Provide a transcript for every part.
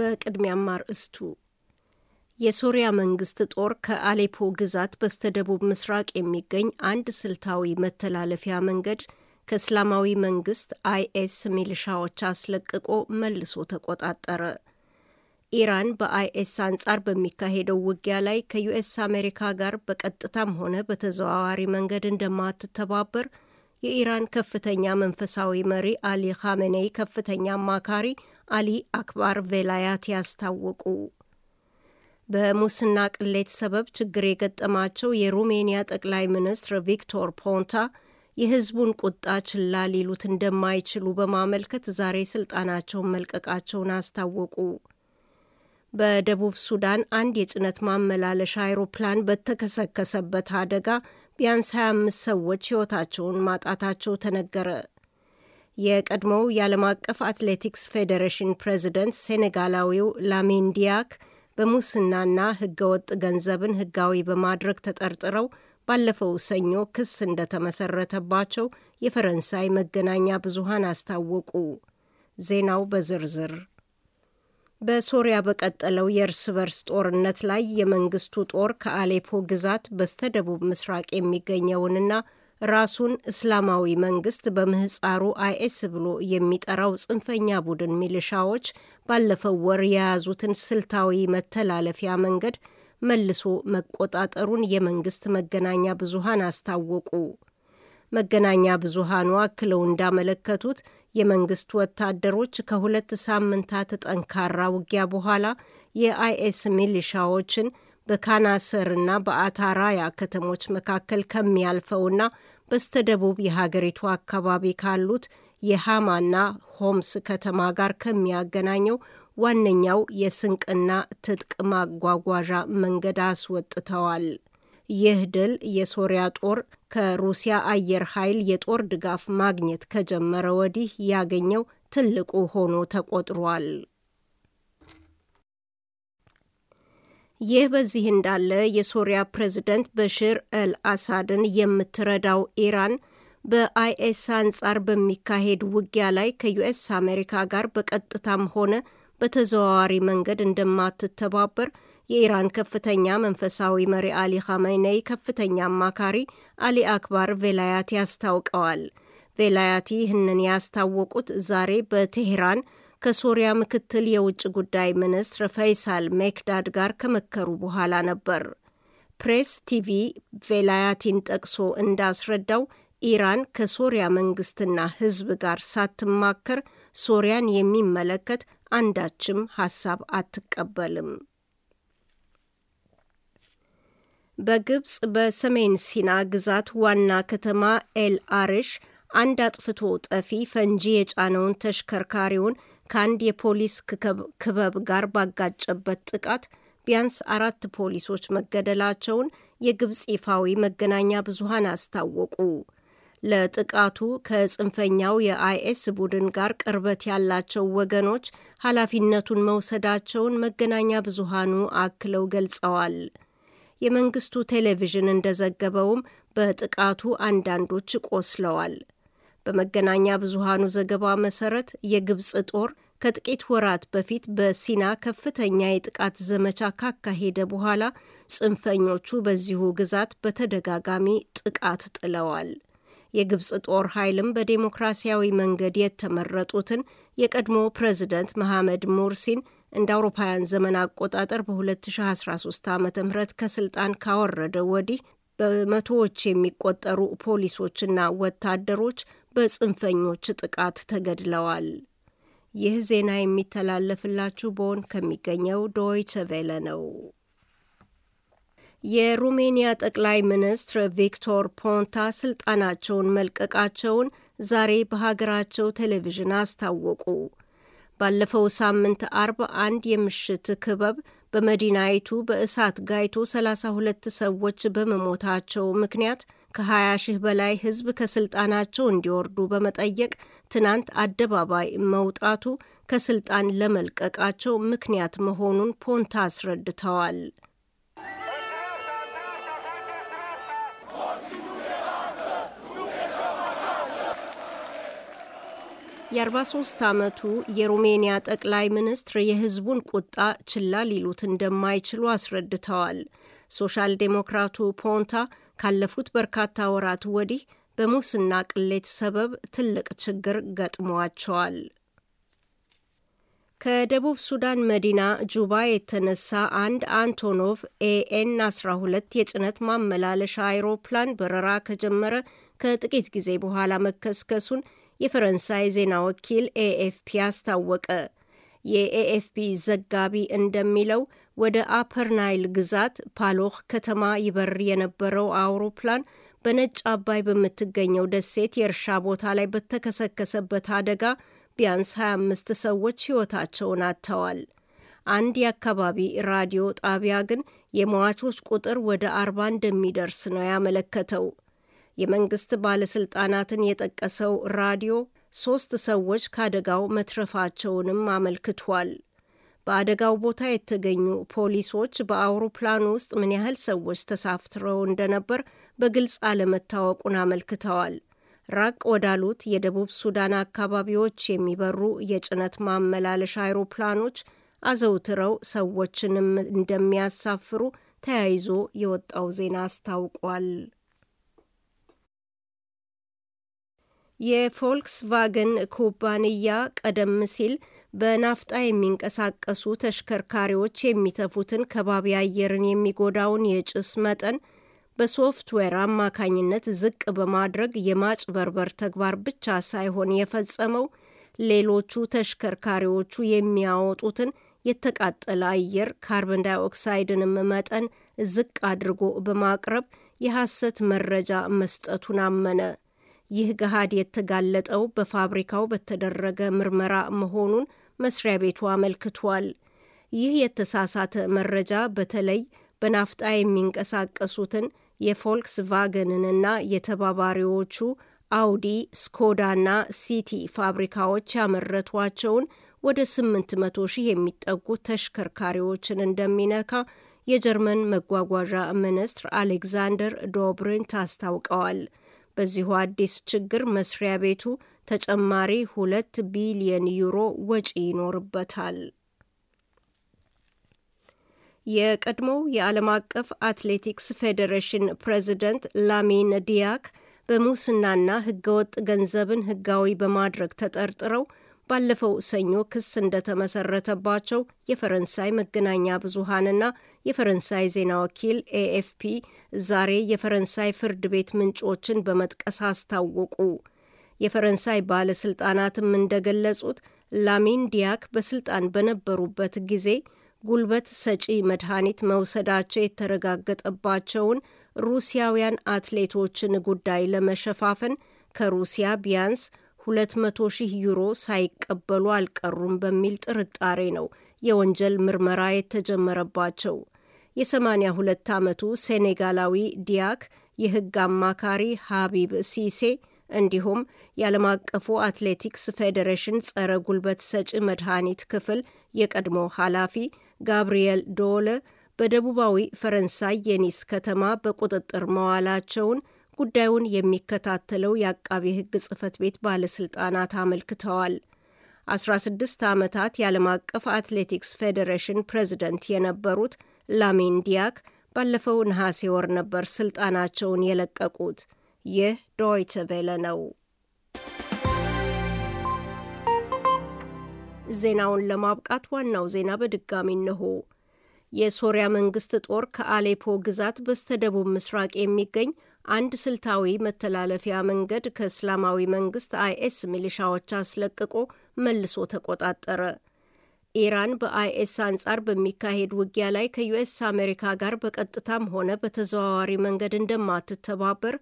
በቅድሚያም አርእስቱ የሶሪያ መንግስት ጦር ከአሌፖ ግዛት በስተደቡብ ምስራቅ የሚገኝ አንድ ስልታዊ መተላለፊያ መንገድ ከእስላማዊ መንግስት አይኤስ ሚሊሻዎች አስለቅቆ መልሶ ተቆጣጠረ። ኢራን በአይኤስ አንጻር በሚካሄደው ውጊያ ላይ ከዩኤስ አሜሪካ ጋር በቀጥታም ሆነ በተዘዋዋሪ መንገድ እንደማትተባበር የኢራን ከፍተኛ መንፈሳዊ መሪ አሊ ኻሜኔይ ከፍተኛ አማካሪ አሊ አክባር ቬላያት ያስታወቁ። በሙስና ቅሌት ሰበብ ችግር የገጠማቸው የሩሜኒያ ጠቅላይ ሚኒስትር ቪክቶር ፖንታ የሕዝቡን ቁጣ ችላ ሊሉት እንደማይችሉ በማመልከት ዛሬ ስልጣናቸውን መልቀቃቸውን አስታወቁ። በደቡብ ሱዳን አንድ የጭነት ማመላለሻ አይሮፕላን በተከሰከሰበት አደጋ ቢያንስ 25 ሰዎች ሕይወታቸውን ማጣታቸው ተነገረ። የቀድሞው የዓለም አቀፍ አትሌቲክስ ፌዴሬሽን ፕሬዚደንት ሴኔጋላዊው ላሚን ዲያክ በሙስናና ህገወጥ ገንዘብን ህጋዊ በማድረግ ተጠርጥረው ባለፈው ሰኞ ክስ እንደተመሰረተባቸው የፈረንሳይ መገናኛ ብዙሃን አስታወቁ። ዜናው በዝርዝር በሶሪያ በቀጠለው የእርስ በርስ ጦርነት ላይ የመንግስቱ ጦር ከአሌፖ ግዛት በስተደቡብ ምስራቅ የሚገኘውንና ራሱን እስላማዊ መንግስት በምህፃሩ አይኤስ ብሎ የሚጠራው ጽንፈኛ ቡድን ሚሊሻዎች ባለፈው ወር የያዙትን ስልታዊ መተላለፊያ መንገድ መልሶ መቆጣጠሩን የመንግስት መገናኛ ብዙሃን አስታወቁ። መገናኛ ብዙሃኑ አክለው እንዳመለከቱት የመንግስት ወታደሮች ከሁለት ሳምንታት ጠንካራ ውጊያ በኋላ የአይኤስ ሚሊሻዎችን በካናሰርና በአታራያ ከተሞች መካከል ከሚያልፈውና በስተደቡብ የሀገሪቱ አካባቢ ካሉት የሃማና ሆምስ ከተማ ጋር ከሚያገናኘው ዋነኛው የስንቅና ትጥቅ ማጓጓዣ መንገድ አስወጥተዋል። ይህ ድል የሶሪያ ጦር ከሩሲያ አየር ኃይል የጦር ድጋፍ ማግኘት ከጀመረ ወዲህ ያገኘው ትልቁ ሆኖ ተቆጥሯል። ይህ በዚህ እንዳለ የሶሪያ ፕሬዝደንት በሽር አል አሳድን የምትረዳው ኢራን በአይኤስ አንጻር በሚካሄድ ውጊያ ላይ ከዩኤስ አሜሪካ ጋር በቀጥታም ሆነ በተዘዋዋሪ መንገድ እንደማትተባበር የኢራን ከፍተኛ መንፈሳዊ መሪ አሊ ኻመይነይ ከፍተኛ አማካሪ አሊ አክባር ቬላያቲ አስታውቀዋል። ቬላያቲ ይህንን ያስታወቁት ዛሬ በቴሄራን ከሶሪያ ምክትል የውጭ ጉዳይ ሚኒስትር ፈይሳል ሜክዳድ ጋር ከመከሩ በኋላ ነበር። ፕሬስ ቲቪ ቬላያቲን ጠቅሶ እንዳስረዳው ኢራን ከሶሪያ መንግስትና ሕዝብ ጋር ሳትማከር ሶሪያን የሚመለከት አንዳችም ሀሳብ አትቀበልም። በግብፅ በሰሜን ሲና ግዛት ዋና ከተማ ኤል አርሽ አንድ አጥፍቶ ጠፊ ፈንጂ የጫነውን ተሽከርካሪውን ከአንድ የፖሊስ ክበብ ጋር ባጋጨበት ጥቃት ቢያንስ አራት ፖሊሶች መገደላቸውን የግብፅ ይፋዊ መገናኛ ብዙሃን አስታወቁ። ለጥቃቱ ከጽንፈኛው የአይኤስ ቡድን ጋር ቅርበት ያላቸው ወገኖች ኃላፊነቱን መውሰዳቸውን መገናኛ ብዙሃኑ አክለው ገልጸዋል። የመንግስቱ ቴሌቪዥን እንደዘገበውም በጥቃቱ አንዳንዶች ቆስለዋል። በመገናኛ ብዙሃኑ ዘገባ መሰረት የግብፅ ጦር ከጥቂት ወራት በፊት በሲና ከፍተኛ የጥቃት ዘመቻ ካካሄደ በኋላ ጽንፈኞቹ በዚሁ ግዛት በተደጋጋሚ ጥቃት ጥለዋል። የግብፅ ጦር ኃይልም በዴሞክራሲያዊ መንገድ የተመረጡትን የቀድሞ ፕሬዝደንት መሐመድ ሙርሲን እንደ አውሮፓውያን ዘመን አቆጣጠር በ2013 ዓ ም ከስልጣን ካወረደ ወዲህ በመቶዎች የሚቆጠሩ ፖሊሶችና ወታደሮች በጽንፈኞች ጥቃት ተገድለዋል። ይህ ዜና የሚተላለፍላችሁ ቦን ከሚገኘው ዶይቸ ቬለ ነው። የሩሜኒያ ጠቅላይ ሚኒስትር ቪክቶር ፖንታ ስልጣናቸውን መልቀቃቸውን ዛሬ በሀገራቸው ቴሌቪዥን አስታወቁ። ባለፈው ሳምንት አርብ አንድ የምሽት ክበብ በመዲናይቱ በእሳት ጋይቶ 32 ሰዎች በመሞታቸው ምክንያት ከ20 ሺህ በላይ ሕዝብ ከስልጣናቸው እንዲወርዱ በመጠየቅ ትናንት አደባባይ መውጣቱ ከስልጣን ለመልቀቃቸው ምክንያት መሆኑን ፖንታ አስረድተዋል። የ43 ዓመቱ የሩሜኒያ ጠቅላይ ሚኒስትር የሕዝቡን ቁጣ ችላ ሊሉት እንደማይችሉ አስረድተዋል። ሶሻል ዴሞክራቱ ፖንታ ካለፉት በርካታ ወራት ወዲህ በሙስና ቅሌት ሰበብ ትልቅ ችግር ገጥሟቸዋል። ከደቡብ ሱዳን መዲና ጁባ የተነሳ አንድ አንቶኖቭ ኤኤን 12 የጭነት ማመላለሻ አይሮፕላን በረራ ከጀመረ ከጥቂት ጊዜ በኋላ መከስከሱን የፈረንሳይ ዜና ወኪል ኤኤፍፒ አስታወቀ። የኤኤፍፒ ዘጋቢ እንደሚለው ወደ አፐርናይል ግዛት ፓሎህ ከተማ ይበር የነበረው አውሮፕላን በነጭ አባይ በምትገኘው ደሴት የእርሻ ቦታ ላይ በተከሰከሰበት አደጋ ቢያንስ 25 ሰዎች ሕይወታቸውን አጥተዋል። አንድ የአካባቢ ራዲዮ ጣቢያ ግን የሟቾች ቁጥር ወደ አርባ እንደሚደርስ ነው ያመለከተው። የመንግስት ባለስልጣናትን የጠቀሰው ራዲዮ ሶስት ሰዎች ከአደጋው መትረፋቸውንም አመልክቷል። በአደጋው ቦታ የተገኙ ፖሊሶች በአውሮፕላኑ ውስጥ ምን ያህል ሰዎች ተሳፍትረው እንደነበር በግልጽ አለመታወቁን አመልክተዋል። ራቅ ወዳሉት የደቡብ ሱዳን አካባቢዎች የሚበሩ የጭነት ማመላለሻ አይሮፕላኖች አዘውትረው ሰዎችንም እንደሚያሳፍሩ ተያይዞ የወጣው ዜና አስታውቋል። የፎልክስቫገን ኩባንያ ቀደም ሲል በናፍጣ የሚንቀሳቀሱ ተሽከርካሪዎች የሚተፉትን ከባቢ አየርን የሚጎዳውን የጭስ መጠን በሶፍትዌር አማካኝነት ዝቅ በማድረግ የማጭበርበር ተግባር ብቻ ሳይሆን የፈጸመው ሌሎቹ ተሽከርካሪዎቹ የሚያወጡትን የተቃጠለ አየር ካርቦን ዳይኦክሳይድንም መጠን ዝቅ አድርጎ በማቅረብ የሐሰት መረጃ መስጠቱን አመነ። ይህ ገሃድ የተጋለጠው በፋብሪካው በተደረገ ምርመራ መሆኑን መስሪያ ቤቱ አመልክቷል። ይህ የተሳሳተ መረጃ በተለይ በናፍጣ የሚንቀሳቀሱትን የፎልክስ ቫገንንና የተባባሪዎቹ አውዲ፣ ስኮዳና ሲቲ ፋብሪካዎች ያመረቷቸውን ወደ 800 ሺህ የሚጠጉ ተሽከርካሪዎችን እንደሚነካ የጀርመን መጓጓዣ ሚኒስትር አሌክዛንደር ዶብሪንት አስታውቀዋል። በዚሁ አዲስ ችግር መስሪያ ቤቱ ተጨማሪ ሁለት ቢሊየን ዩሮ ወጪ ይኖርበታል። የቀድሞው የዓለም አቀፍ አትሌቲክስ ፌዴሬሽን ፕሬዚደንት ላሚን ዲያክ በሙስናና ህገወጥ ገንዘብን ህጋዊ በማድረግ ተጠርጥረው ባለፈው ሰኞ ክስ እንደተመሰረተባቸው የፈረንሳይ መገናኛ ብዙሃንና የፈረንሳይ ዜና ወኪል ኤኤፍፒ ዛሬ የፈረንሳይ ፍርድ ቤት ምንጮችን በመጥቀስ አስታወቁ። የፈረንሳይ ባለስልጣናትም እንደገለጹት ላሚን ዲያክ በስልጣን በነበሩበት ጊዜ ጉልበት ሰጪ መድኃኒት መውሰዳቸው የተረጋገጠባቸውን ሩሲያውያን አትሌቶችን ጉዳይ ለመሸፋፈን ከሩሲያ ቢያንስ 200 ሺህ ዩሮ ሳይቀበሉ አልቀሩም በሚል ጥርጣሬ ነው የወንጀል ምርመራ የተጀመረባቸው። የ82 ዓመቱ ሴኔጋላዊ ዲያክ የሕግ አማካሪ ሀቢብ ሲሴ እንዲሁም የዓለም አቀፉ አትሌቲክስ ፌዴሬሽን ጸረ ጉልበት ሰጪ መድኃኒት ክፍል የቀድሞ ኃላፊ ጋብርኤል ዶለ በደቡባዊ ፈረንሳይ የኒስ ከተማ በቁጥጥር መዋላቸውን ጉዳዩን የሚከታተለው የአቃቤ ሕግ ጽህፈት ቤት ባለስልጣናት አመልክተዋል። 16 ዓመታት የዓለም አቀፍ አትሌቲክስ ፌዴሬሽን ፕሬዝደንት የነበሩት ላሚን ዲያክ ባለፈው ነሐሴ ወር ነበር ስልጣናቸውን የለቀቁት። ይህ ዶይቸ ቬለ ነው። ዜናውን ለማብቃት ዋናው ዜና በድጋሚ ነሆ። የሶሪያ መንግስት ጦር ከአሌፖ ግዛት በስተደቡብ ምስራቅ የሚገኝ አንድ ስልታዊ መተላለፊያ መንገድ ከእስላማዊ መንግስት አይኤስ ሚሊሻዎች አስለቅቆ መልሶ ተቆጣጠረ። ኢራን በአይኤስ አንጻር በሚካሄድ ውጊያ ላይ ከዩኤስ አሜሪካ ጋር በቀጥታም ሆነ በተዘዋዋሪ መንገድ እንደማትተባበር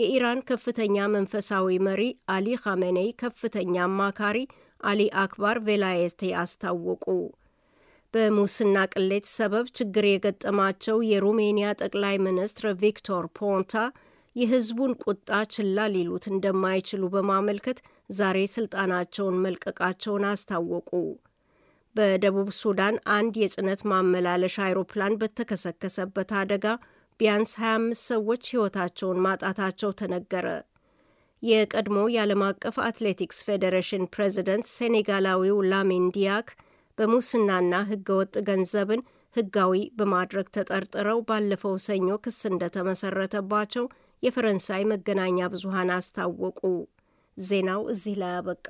የኢራን ከፍተኛ መንፈሳዊ መሪ አሊ ኻሜኔይ ከፍተኛ አማካሪ አሊ አክባር ቬላየቴ አስታወቁ። በሙስና ቅሌት ሰበብ ችግር የገጠማቸው የሩሜኒያ ጠቅላይ ሚኒስትር ቪክቶር ፖንታ የሕዝቡን ቁጣ ችላ ሊሉት እንደማይችሉ በማመልከት ዛሬ ስልጣናቸውን መልቀቃቸውን አስታወቁ። በደቡብ ሱዳን አንድ የጭነት ማመላለሻ አይሮፕላን በተከሰከሰበት አደጋ ቢያንስ 25 ሰዎች ሕይወታቸውን ማጣታቸው ተነገረ። የቀድሞ የዓለም አቀፍ አትሌቲክስ ፌዴሬሽን ፕሬዚደንት ሴኔጋላዊው ላሚን ዲያክ በሙስናና ህገወጥ ገንዘብን ህጋዊ በማድረግ ተጠርጥረው ባለፈው ሰኞ ክስ እንደተመሰረተባቸው የፈረንሳይ መገናኛ ብዙሃን አስታወቁ። ዜናው እዚህ ላይ አበቃ።